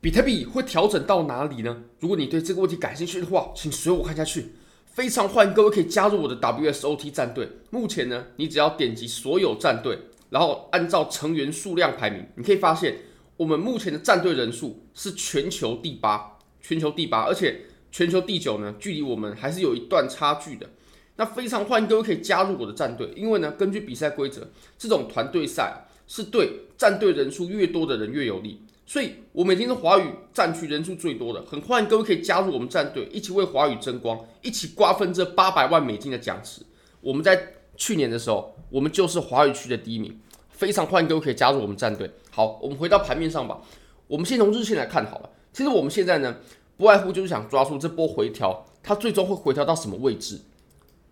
比特幣會調整到哪裡呢？如果你對這個問題感興趣的話，請隨我看下去。非常歡迎各位可以加入我的 WSOT 戰隊。目前呢，你只要點擊所有戰隊，然後按照成員數量排名，你可以發現我們目前的戰隊人數是全球第八，全球第八，而且全球第九呢，距離我們還是有一段差距的。那非常歡迎各位可以加入我的戰隊，因為呢，根據比賽規則，這種團隊賽是對戰隊人數越多的人越有利。所以，我每天是華語戰區人數最多的，很歡迎各位可以加入我們戰隊，一起為華語爭光，一起瓜分這八百萬美金的獎池。我們在去年的時候，我們就是華語區的第一名，非常歡迎各位可以加入我們戰隊。好，我們回到盤面上吧，我們先從日線來看好了。其實我們現在呢，不外乎就是想抓住這波回調，它最終會回調到什麼位置？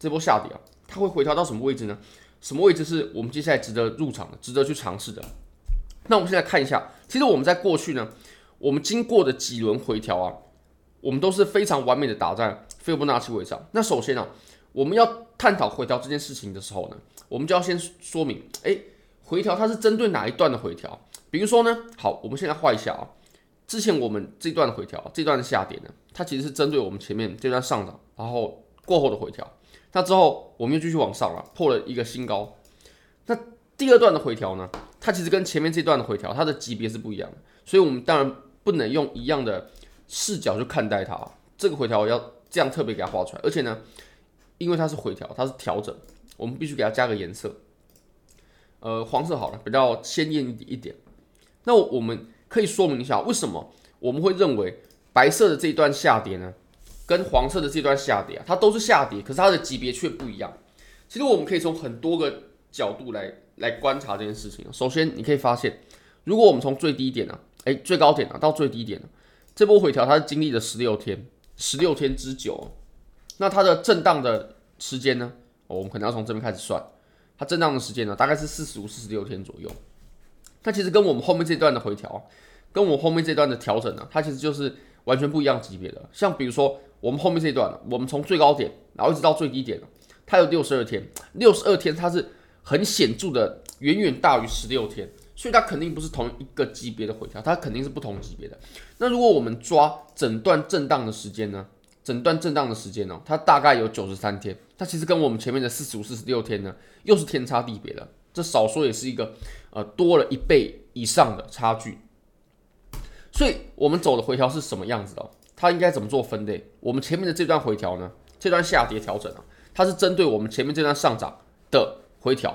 這波下跌啊，它會回調到什麼位置呢？什麼位置是我們接下來值得入場的，值得去嘗試的？那我們現在看一下，其實我們在過去呢，我們經過的幾輪回調啊，我們都是非常完美的打在斐波那契位上。那首先啊，我們要探討回調這件事情的時候呢，我們就要先說明，哎，回調它是針對哪一段的回調？比如說呢，好，我們現在畫一下啊，之前我們這段的回調，這段的下跌呢，它其實是針對我們前面這段上漲，然後過後的回調。那之後我們又繼續往上了，破了一個新高。那第二段的回調呢？它其實跟前面這段的回調，它的級別是不一樣的，所以我們當然不能用一樣的視角去看待它。這個回調我要這樣特別給它畫出來，而且呢，因為它是回調，它是調整，我們必須給它加個顏色，呃，黃色好了，比較鮮豔一點，一點。那我們可以說明一下，為什麼我們會認為白色的這一段下跌呢，跟黃色的這段下跌啊，它都是下跌，可是它的級別卻不一樣。其實我們可以從很多個角度來。來觀察這件事情，首先，你可以發現，如果我們從最低點呢、啊，哎，最高點呢、啊、到最低點、啊、這波回調它是經歷了十六天，十六天之久、啊。那它的震盪的時間呢、哦，我們可能要從這邊開始算，它震盪的時間呢，大概是四十五、四十六天左右。它其實跟我們後面這段的回調、啊，跟我們後面這段的調整呢、啊，它其實就是完全不一樣級別的。像比如說，我們後面這段、啊、我們從最高點，然後一直到最低點、啊，它有六十二天，六十二天它是。很顯著的，遠遠大於十六天，所以它肯定不是同一個級別的回調，它肯定是不同級別的。那如果我們抓整段震盪的時間呢？整段震盪的時間呢、哦？它大概有九十三天，它其實跟我們前面的四十五、四十六天呢，又是天差地別的，這少說也是一個呃多了一倍以上的差距。所以我們走的回調是什麼樣子的、哦？它應該怎麼做分類？我們前面的這段回調呢？這段下跌調整啊、哦，它是針對我們前面這段上漲的。回調，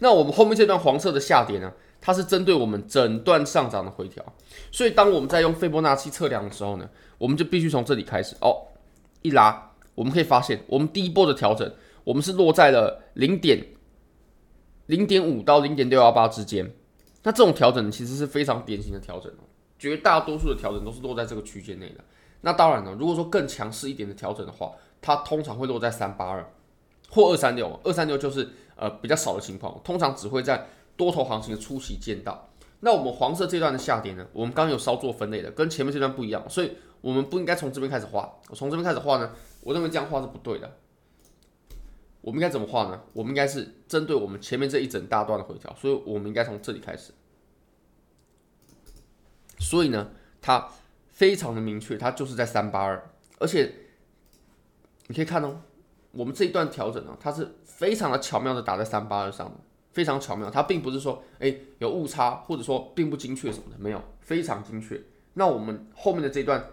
那我們後面這段黃色的下跌呢？它是針對我們整段上漲的回調，所以當我們在用斐波那契測量的時候呢，我們就必須從這裡開始哦，一拉，我們可以發現，我們第一波的調整，我們是落在了零點零點五到零點六幺八之間，那這種調整其實是非常典型的調整哦，絕大多數的調整都是落在這個區間內的。那當然了，如果說更強勢一點的調整的話，它通常會落在三八二。或二三六，二三六就是呃比較少的情況，通常只會在多頭行情的初期見到。那我們黃色這段的下跌呢？我們剛剛有稍作分類的，跟前面這段不一樣，所以我們不應該從這邊開始畫。我從這邊開始畫呢，我認為這樣畫是不對的。我們應該怎麼畫呢？我們應該是針對我們前面這一整大段的回調，所以我們應該從這裡開始。所以呢，它非常的明確，它就是在三八二，而且你可以看哦。我們這一段調整呢、啊，它是非常的巧妙的打在三八二上的，非常巧妙。它並不是說哎有誤差或者說並不精確什麼的，沒有，非常精確。那我們後面的這一段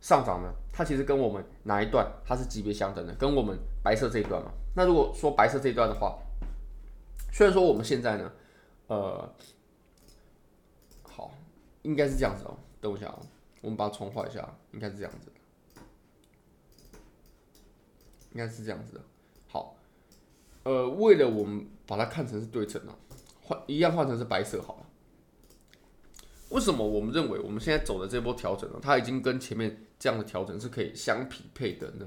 上漲呢，它其實跟我們哪一段它是級別相等的？跟我們白色這一段嘛。那如果說白色這一段的話，雖然說我們現在呢，呃，好，應該是這樣子哦。等我一下哦，我們把它重畫一下，應該是這樣子。應該是這樣子的，好，呃，為了我們把它看成是對稱的，換一樣，換成是白色好了。為什麼我們認為我們現在走的這波調整呢？它已經跟前面這樣的調整是可以相匹配的呢？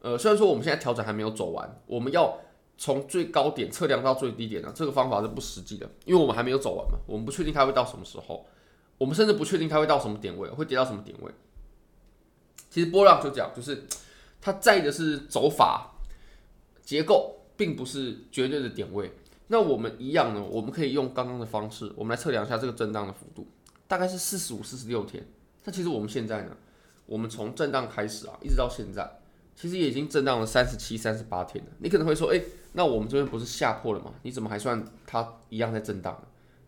呃，雖然說我們現在調整還沒有走完，我們要從最高點測量到最低點呢，這個方法是不實際的，因為我們還沒有走完嘛，我們不確定它會到什麼時候，我們甚至不確定它會到什麼點位，會跌到什麼點位。其實波浪就這樣，就是。它在意的是走法結構，並不是絕對的點位。那我們一樣呢？我們可以用剛剛的方式，我們來測量一下這個震盪的幅度，大概是四十五、四十六天。那其實我們現在呢，我們從震盪開始啊，一直到現在，其實也已經震盪了三十七、三十八天了。你可能會說，誒、欸，那我們這邊不是下破了嗎？你怎麼還算它一樣在震盪？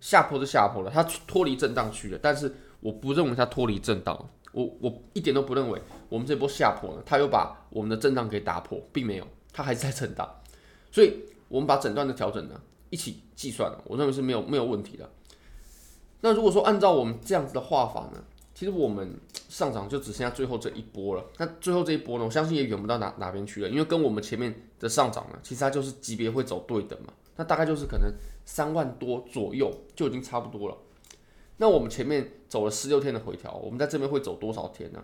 下破是下破了，它脫離震盪區了，但是我不認為它脫離震盪。我我一點都不認為我們這波下破呢，它又把我們的震盪給打破，並沒有，它還是在震盪，所以，我們把整段的調整呢一起計算了，我認為是沒有沒有問題的。那如果說按照我們這樣子的畫法呢，其實我們上漲就只剩下最後這一波了。那最後這一波呢，我相信也遠不到哪哪邊去了，因為跟我們前面的上漲呢，其實它就是級別會走對等嘛，那大概就是可能三萬多左右就已經差不多了。那我們前面走了十六天的回調，我們在這邊會走多少天呢？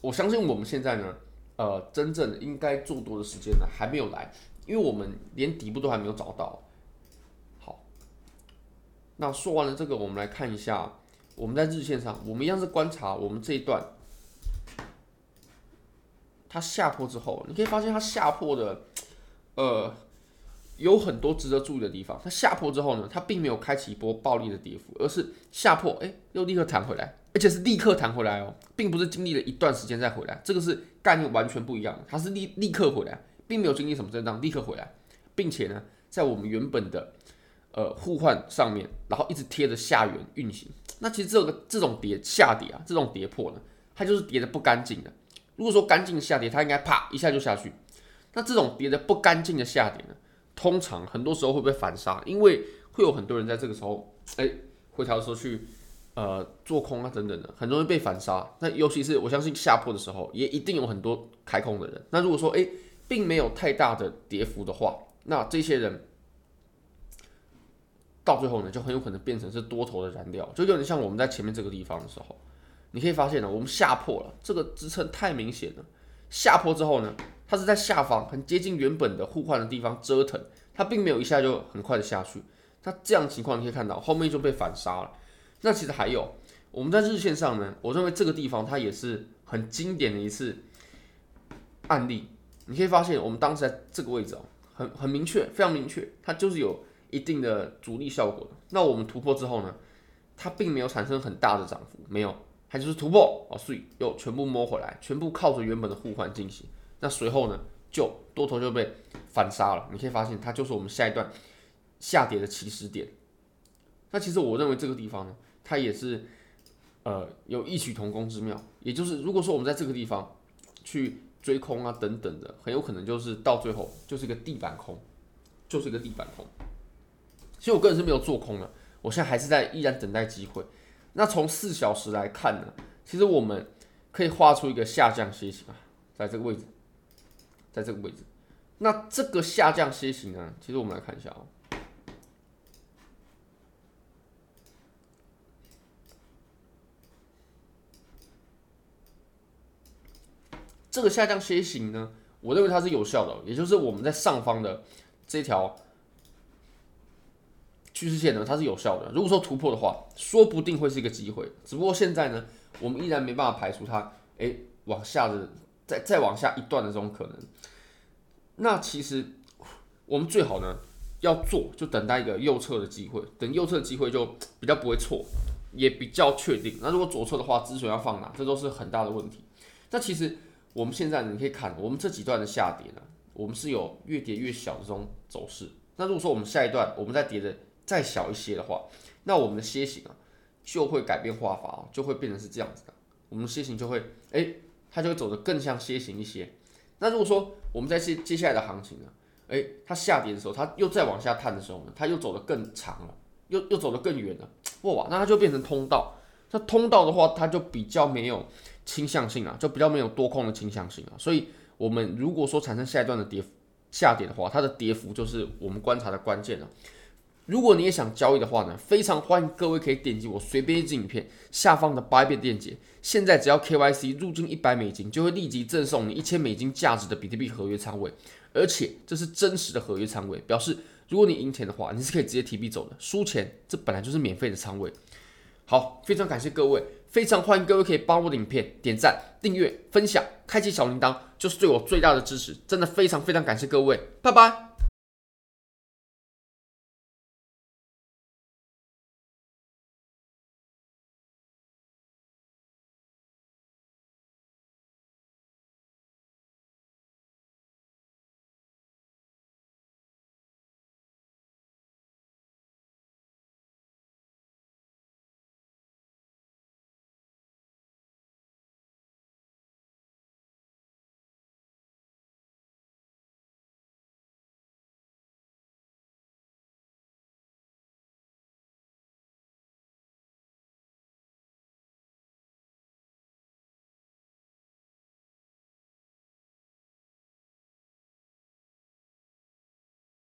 我相信我們現在呢，呃，真正應該做多的時間呢，還沒有來，因為我們連底部都還沒有找到。好，那說完了這個，我們來看一下，我們在日線上，我們一樣是觀察我們這一段，它下破之後，你可以發現它下破的，呃。有很多值得注意的地方。它下破之後呢，它並沒有開啟一波暴力的跌幅，而是下破，哎、欸，又立刻彈回來，而且是立刻彈回來哦，並不是經歷了一段時間再回來，這個是概念完全不一樣的。它是立立刻回來，並沒有經歷什麼震盪，立刻回來，並且呢，在我們原本的呃互換上面，然後一直貼着下緣運行。那其實這個這種跌下跌啊，這種跌破呢，它就是跌得不乾淨的。如果說乾淨下跌，它應該啪一下就下去，那這種跌得不乾淨的下跌呢？通常很多時候會被反殺，因為會有很多人在這個時候，哎、欸，回調的時候去，呃，做空啊等等的，很容易被反殺。那尤其是我相信下破的時候，也一定有很多開空的人。那如果說哎、欸，並沒有太大的跌幅的話，那這些人到最後呢，就很有可能變成是多頭的燃料。就有點像我們在前面這個地方的時候，你可以發現呢，我們下破了，這個支撐太明顯了。下破之後呢，它是在下方很接近原本的互換的地方折騰，它並沒有一下就很快的下去。它這樣情況，你可以看到，後面就被反殺了。那其實還有我們在日線上呢，我認為這個地方它也是很經典的一次案例。你可以發現，我們當時在這個位置哦、喔，很很明確，非常明確，它就是有一定的阻力效果的。那我們突破之後呢，它並沒有產生很大的漲幅，沒有，它就是突破哦，所以又全部摸回來，全部靠着原本的互換進行。那隨後呢，就多頭就被反殺了。你可以發現，它就是我們下一段下跌的起始點。那其實我認為這個地方呢，它也是呃有異曲同工之妙。也就是，如果說我們在這個地方去追空啊等等的，很有可能就是到最後就是一個地板空，就是一個地板空。其實我個人是沒有做空的，我現在還是在依然等待機會。那從四小時來看呢，其實我們可以畫出一個下降楔形啊，在這個位置。在這個位置，那這個下降楔形呢，其實我們來看一下哦，這個下降楔形呢，我認為它是有效的喔，也就是我們在上方的這條趨勢線呢，它是有效的。如果說突破的話，說不定會是一個機會。只不過現在呢，我們依然沒辦法排除它，哎，往下的。再再往下一段的這種可能，那其實我們最好呢要做，就等待一個右側的機會，等右側機會就比較不會錯，也比較確定。那如果左側的話，止損要放哪？這都是很大的問題。那其實我們現在你可以看，我們這幾段的下跌呢，我們是有越跌越小的這種走勢。那如果說我們下一段我們再跌的再小一些的話，那我們的楔形啊就會改變畫法，喔、就會變成是這樣子的，我們的楔形就會誒。欸它就會走得更像楔形一些。那如果說我們在接接下來的行情呢、啊，哎、欸，它下跌的時候，它又再往下探的時候呢，它又走得更長了，又又走得更遠了，哇，那它就變成通道。那通道的話，它就比較沒有傾向性啊，就比較沒有多空的傾向性啊。所以，我們如果說產生下一段的跌幅，下跌的話，它的跌幅就是我們觀察的關鍵了、啊。如果你也想交易的話呢，非常歡迎各位可以點擊我隨便一支影片下方的 Bybit 鏈接。現在只要 KYC 入金一百美金，就會立即贈送你一千美金價值的比特幣合約倉位，而且這是真實的合約倉位，表示如果你贏錢的話，你是可以直接提幣走的；輸錢，這本來就是免費的倉位。好，非常感謝各位，非常歡迎各位可以幫我的影片點讚、訂閱、分享、開啟小鈴鐺，就是對我最大的支持。真的非常非常感謝各位，拜拜。